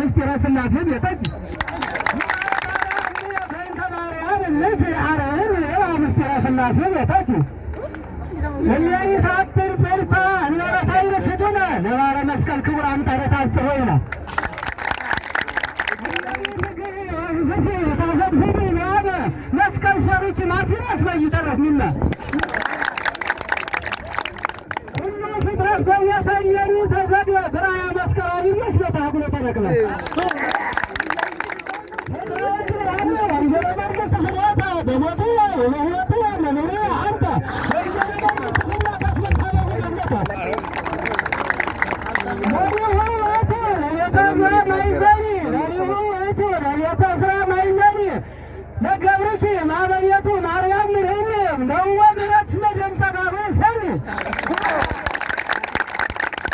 ምስጢረ ሥላሴ ቤጠጅ ምስጢረ ሥላሴ ቤጠጅ እሜሪታትን ጽርታ እንበረታይን ፍጡነ ለባለ መስቀል ክቡር አንጠረታ ጽሆይነ መስቀል ሶሪች ማሲራስ በይጠረፍ ሚና በየተኔሩ ተዘግበ ብራያ መስከራቢ መስበታ አቡነ ተረክበ ማርያም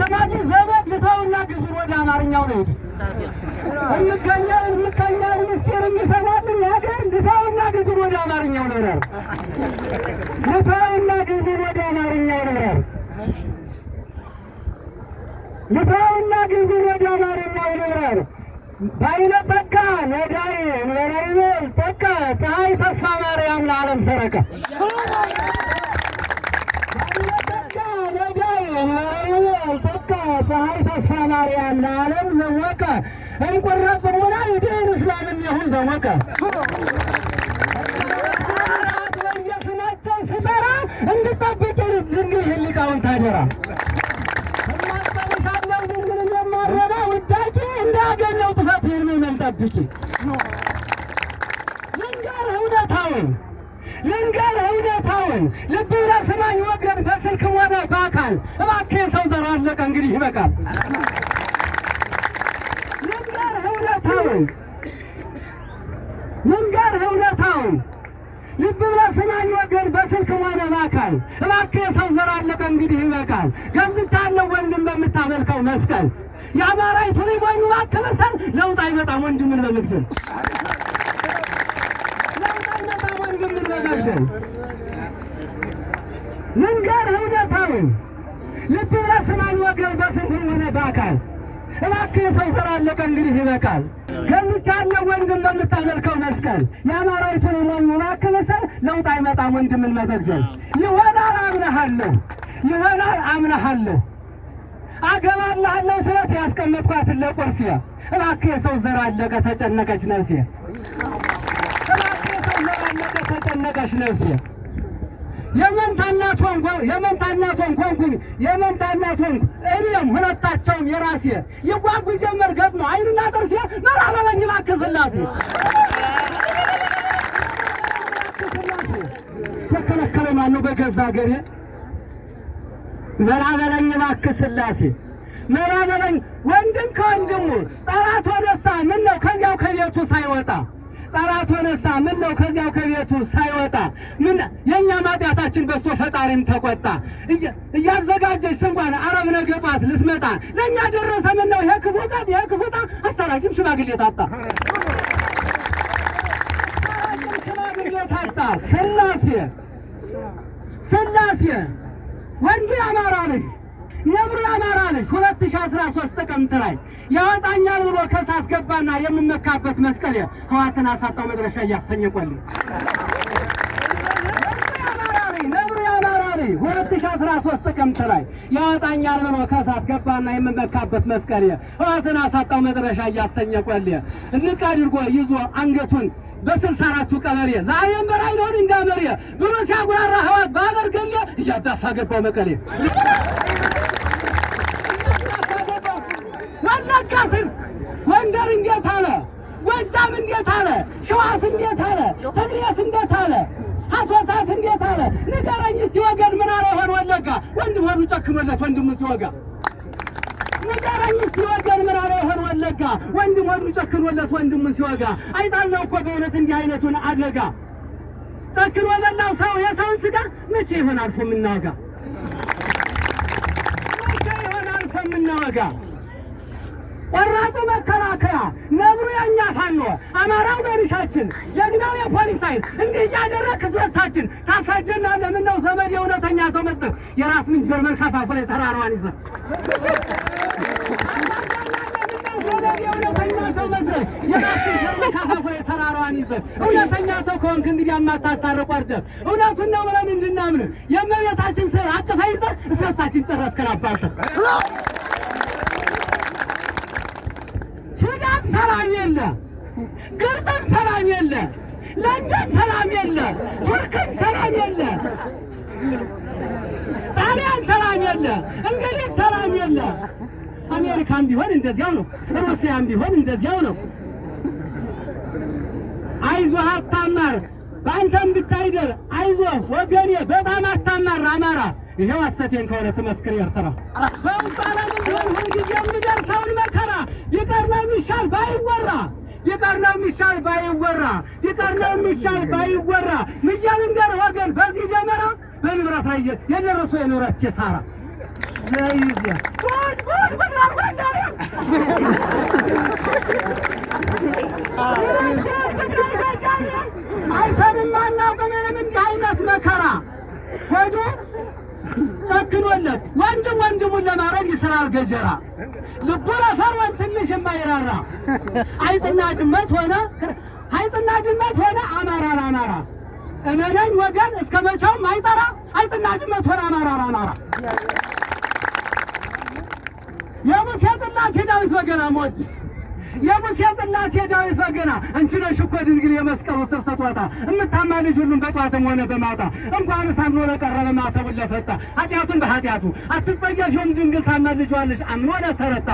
ሰማኒ ዘመን ልተውና ግዙን ወደ አማርኛው ነው እምከኛ እምከኛ ምስጢር የሚሰማልን ነገር ልተውና ግዙን ወደ አማርኛው ነው ልተውና ግዙን ወደ አማርኛው ነው ልተውና ግዙን ወደ አማርኛው ነው ባይነ ጸጋ ነዳይ እንበላይበል ጸጋ ፀሐይ ተስፋ ማርያም ለዓለም ሰረቀ ማርያም ለዓለም ዘወቀ እንቁረጽ ሙና ይድህን እስማምን ይሁን ዘወቀ በየስማቸው ስጠራ እንድጠብቅ ድንግል ህሊቃውን ታደራ እናስጠልሻለሁ ድንግል እንደማረባ ውዳቂ እንዳያገኘው ጥፋት ህልሜን ጠብቂ ልንገር እውነታውን ልንገር እውነታውን ልብና ስማኝ ወገን በስልክም ሆነ በአካል እባክህ የሰው ዘር አለቀ እንግዲህ ይበቃል እውነታው ምንገር እውነታው ልብ ብለህ ስማኝ ወገን፣ በስልክም ሆነ በአካል እባክህ የሰው ዘር አለቀ። እንግዲህ ይበቃል። ገዝቻለሁ ወንድም በምታመልከው መስቀል የአማራዊቱ ላይ ሞኙ እባክህ ለውጥ አይመጣም ወንድምን በመግደል ለውጥ አይመጣም ወንድምን በመግደል ምንገር እውነታውን ልብ ብለህ ስማኝ ወገን፣ በስልክም ሆነ በአካል እባክህ የሰው ሥራ አለቀ፣ እንግዲህ ይበቃል። ገዝቻለሁ ወንድም በምታመልከው መስቀል የአማራዊቱን ሞኝ እባክህ መሰል ለውጥ አይመጣም። ወንድምን መበደል ይሆናል። አምነሃለሁ፣ ይሆናል፣ አምነሃለሁ። አገባልሃለሁ ስለት ያስቀመጥኳትን ለቁርስያ እባክህ የሰው ዘር አለቀ፣ ተጨነቀች ነፍሴ። እባክህ የሰው ዘር አለቀ፣ ተጨነቀች ነፍሴ የመንታና የመንታናት ሆንኩ ሆንኩኝ የመንታናት ሆንኩ እኔም ሁለታቸውም የራሴ ይጓጉ ጀመር ገጥሞ አይንና ጥርሴ መራበበኝ እባክህ ስላሴ ተከለከለ ማነው በገዛ ሀገሬ መራበለኝ እባክህ ስላሴ መራበለኝ ወንድም ከወንድሙ ጠላት ወደሳ ምን ነው ከዚያው ከቤቱ ሳይወጣ ጠላት ተነሳ። ምን ነው ከዚያው ከቤቱ ሳይወጣ ምን የኛ ማጥያታችን በስቶ ፈጣሪም ተቆጣ። እያዘጋጀች ስንኳን አረብ ነገ ጧት ልትመጣ ለኛ ደረሰ። ምን ነው ይሄ ክፉ ጣት ይሄ ክፉ ጣት አስታራቂም ሽማግሌ ታጣ ታጣ ስላሴ ስላሴ ወንጌ አማራ ነኝ ነብሩ አማራ ነሽ 2013 ሺህ ጥቅምት ላይ ያወጣኛል ብሎ ከሳት ገባና የምመካበት መስቀል ህዋትን አሳጣው መድረሻ እያሰኘ ነብሩ ነብር አማራ ነች። ሁለት ሺህ ጥቅምት ላይ ያወጣኛል ብሎ ከሳት ገባና የምመካበት መስቀል ህዋትን አሳጣው መድረሻ እያሰኘ ቆል እንቅ አድርጎ ይዞ አንገቱን በስልሳ አራቱ ቀበሌ ዛሬም በራይዶን እንዳመሬ ብሎ ሲያጉራራ ህዋት ባበር ገለ እያዳፋ ገባው መቀሌ ወለጋ ስር ጎንደር እንዴት አለ? ጎጃም እንዴት አለ? ሸዋስ እንዴት አለ? ትግሬስ እንዴት አለ? አሶሳስ እንዴት አለ? ንገረኝ እስቲ ወገን ምን አለ ይሆን ወለጋ? ወንድም ሆኑ ጨክኖለት ወንድሙ ሲወጋ ንገረኝ እስቲ ወገን ምን አለ ይሆን ወለጋ? ወንድም ሆኑ ጨክኖለት ወንድሙ ሲወጋ። አይጣለው እኮ በእውነት እንዲህ አይነቱን አደጋ ጨክኖ በላው ሰው የሰውን ስጋ መቼ ይሆን አልፎ የምናወጋ? መቼ ይሆን አልፎ የምናወጋ? ቆራጡ መከላከያ፣ ነብሩ የእኛ ፋኖ፣ አማራው በሪሻችን፣ ጀግናው የፖሊስ ኃይል እንዲህ እያደረግ ክስበሳችን ታፈጅና ለምነው ዘመድ የእውነተኛ ሰው መስጠት የራስ ምን መከፋፈል የተራራዋን ይዘ የእውነተኛ ሰው መስጠት የራስ ምንጅር መከፋፈል የተራራዋን ይዘ እውነተኛ ሰው ከሆንክ እንግዲህ የማታስታርቁ አርደብ እውነቱን ነው ብለን እንድናምን የእመቤታችን ስር አቅፋ ይዘ እስከሳችን ጨረስከን አባርተ ሰላም የለ፣ ግብፅም ሰላም የለ፣ ለንደን ሰላም የለ፣ ቱርክም ሰላም የለ፣ ጣሊያን ሰላም የለ፣ እንግሊዝ ሰላም የለ። አሜሪካም ቢሆን እንደዚያው ነው። ሩሲያም ቢሆን እንደዚያው ነው። አይዞህ አታማር፣ በአንተም ብታይደር አይዞህ ወገኔ፣ በጣም አታማር አማራ። ይሄው አሰቴን ከሆነ ትመስክር ኤርትራ በውባላ ሁልጊዜ የምደርሰውን መ የቀርነው የሚሻል ባይወራ የቀርነው የሚሻል ባይወራ የቀርነው የሚሻል ባይወራ ምያልን ጋር ወገን በዚህ ደመራ በንብረት ላይ የደረሱ የንብረት ኪሳራ ዘይዝ ጨክኖነት ወንድም ወንድሙን ለማረድ ይስራል ገጀራ። ልቡ ለፈርዖን ትንሽ የማይራራ አይጥና ድመት ሆነ አይጥና ድመት ሆነ አማራራ አማራ እመነኝ ወገን እስከ መቼውም አይጠራ አይጥና ድመት ሆነ አማራራ አማራ የሙሴ ጽላት የዳዊት ወገን አሞድ የሙሴ ጽላት የዳዊት በገና እንቺ ነሽ እኮ ድንግል የመስቀሉ ስር ስትወጣ እምታማልጅ ሁሉም በጧትም ሆነ በማታ እንኳን አምኖ ለቀረበ ማተቡን ለፈታ ኃጢአቱን በኃጢአቱ አትጸየፊውም ድንግል ታማልጇለች አምኖ ለተረታ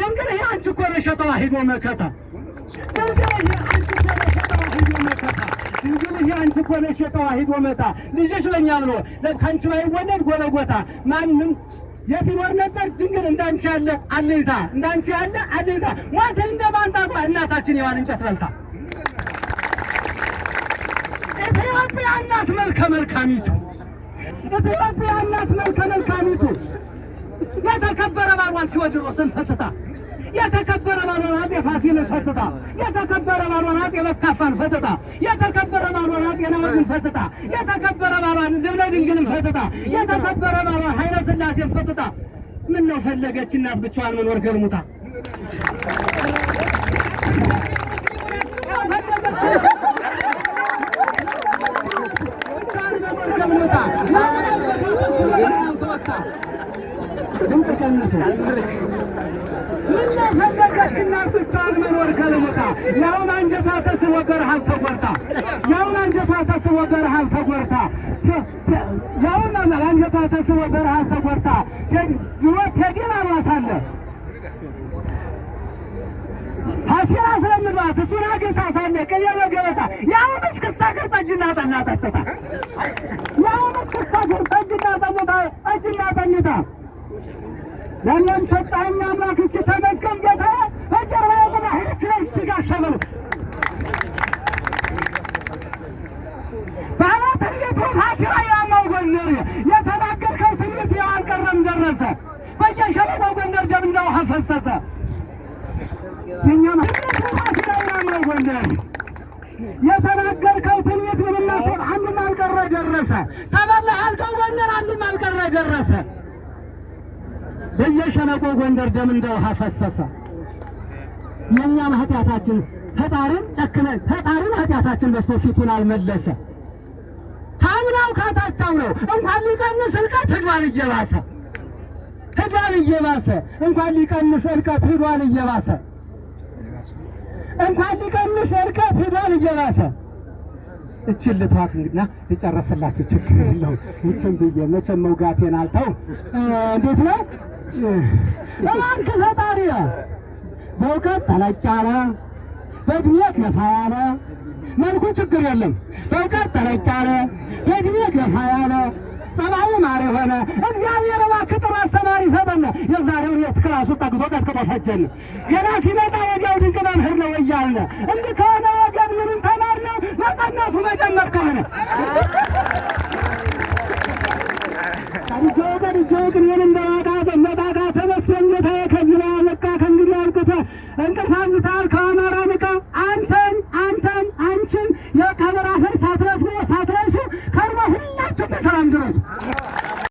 ድንግል ይሄ አንቺ እኮ ነሽ የተዋሂዶ መከታ ድንግል ይሄ አንቺ እኮ ነሽ የተዋሂዶ መከታ ድንግልህ አንቺ እኮ ነሽ የተዋሂዶ መታ ልጅሽ ለእኛ ብሎ ከአንቺ ባይወለድ ጎለጎታ ማንም የት ይኖር ነበር? ድንግል እንዳንቺ ያለ አለይታ፣ እንዳንቺ ያለ አለይታ፣ ሞትን እንደ ማምጣቷ እናታችን የዋን እንጨት በልታ ኢትዮጵያ እናት መልከ መልካሚቱ ኢትዮጵያ እናት መልከ መልካሚቱ የተከበረ ባሏን ሲወድሮ ስንፈትታ የተከበረ ባልሆነ አጼ ፋሲልን ፈትታ፣ የተከበረ ባልሆነ አጼ በካፋን ፈትታ፣ የተከበረ ባልሆነ አጼ ናዝን ፈትታ፣ የተከበረ ባልሆነ ልብነ ድንግልን ፈትታ፣ የተከበረ ባልሆነ ኃይለ ሥላሴን ፈትታ። ምን ነው ፈለገች እናት ብቻዋን መኖር ገርሙታ ምነው ፈለገችና ፍቻዋን መኖር ከልሙታ ያውም አንጀቷ ተስቦ በረሃብ ተጎርታ ያውም አንጀቷ ተስቦ በረሃብ ተጎርታ ያውም አንጀቷ ተስቦ በረሃብ ተጎርታ ድሮ ቴዲ ማማሳለ ሀሲራ ስለምድባት እሱን አግኝታ ሳለ ቅቤ በገበታ ያውም እስክሳ ገር ጠጅና ጠላ ጠጥታ ያውም እስክሳ ገር ጠጅና ጠጥታ ጠጅና ጠጥታ ለእኔም ሰጣኝ አምላክ። እስኪ ተመስገን ጌታ። በጀርባ የቆመ ህርስት ነው ስጋሻ ነው ሀሲራ ያማው ጎንደር የተናገርከው ትንቢት ያው ደረሰ። በየሸለቆው ጎንደር ደም ውሃ ፈሰሰ። እኛም ጎንደር የተናገርከው ትንቢት ምንም አንድም አልቀረ ደረሰ። ተበላ አልከው ጎንደር አንድም አልቀረ ደረሰ። በየሸለቆ ጎንደር ደም እንደ ውሃ ፈሰሰ። የእኛም ኃጢአታችን ፈጣሪን ጨክነ ፈጣሪን ኃጢአታችን በስቶ ፊቱን አልመለሰ። ታምናው ካታቻው ነው እንኳን ሊቀንስ እልቀት ህዷን እየባሰ ህዷን እየባሰ እንኳን ሊቀንስ እልቀት ህዷን እየባሰ እንኳን ሊቀንስ እልቀት ህዷን እየባሰ እችን ልቷት እንግዲና የጨረሰላችሁ ችግር የለው። ይችን ብዬ መቼም መውጋቴን አልተው። እንዴት ነው እባክህ ፈጣሪ በእውቀት ጠለቅ ያለ በእድሜ ገፋ ያለ መልኩ ችግር የለም። በእውቀት ጠለቅ ያለ በእድሜ ገፋ ያለ ጸባዩ ማር የሆነ እግዚአብሔር እባክህ ጥሩ አስተማሪ ሰጠን። የዛሬውን የት የትክራሱ ጠግቶ ቀጥቅጦ ሰጀን ገና ሲመጣ የዲያው ድንቅ መምህር ነው እያልን እንዲህ ከሆነ ወገን ምንም መቀነሱ መጨመር ከሆነ ቀንጆ ቀንጆ ቅኔን እንደማጣት መጣጣት ተመስገን ጌታዬ ከዚህ ላይ አለቃ ከእንግዲህ አልቅተ እንቅልፍ አብዝተሃል ከአማራ ንቃ